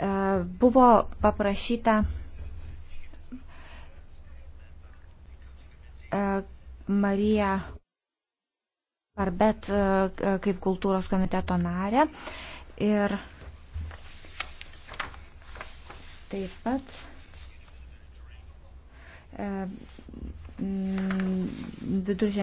E, buvo paprašyta e, Marija Arbet e, kaip kultūros komiteto narė ir taip pat viduržė